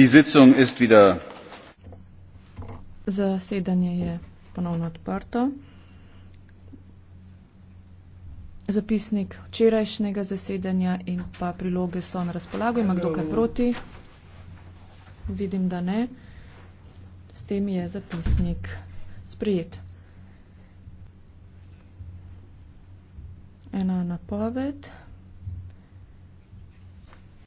Die Sitzung ist wieder. Zasedanje je ponovno odprto. Zapisnik včerajšnjega zasedanja in pa priloge so na razpolago. Ima kdo kaj proti? Vidim, da ne. S tem je zapisnik sprijet. Ena napoved.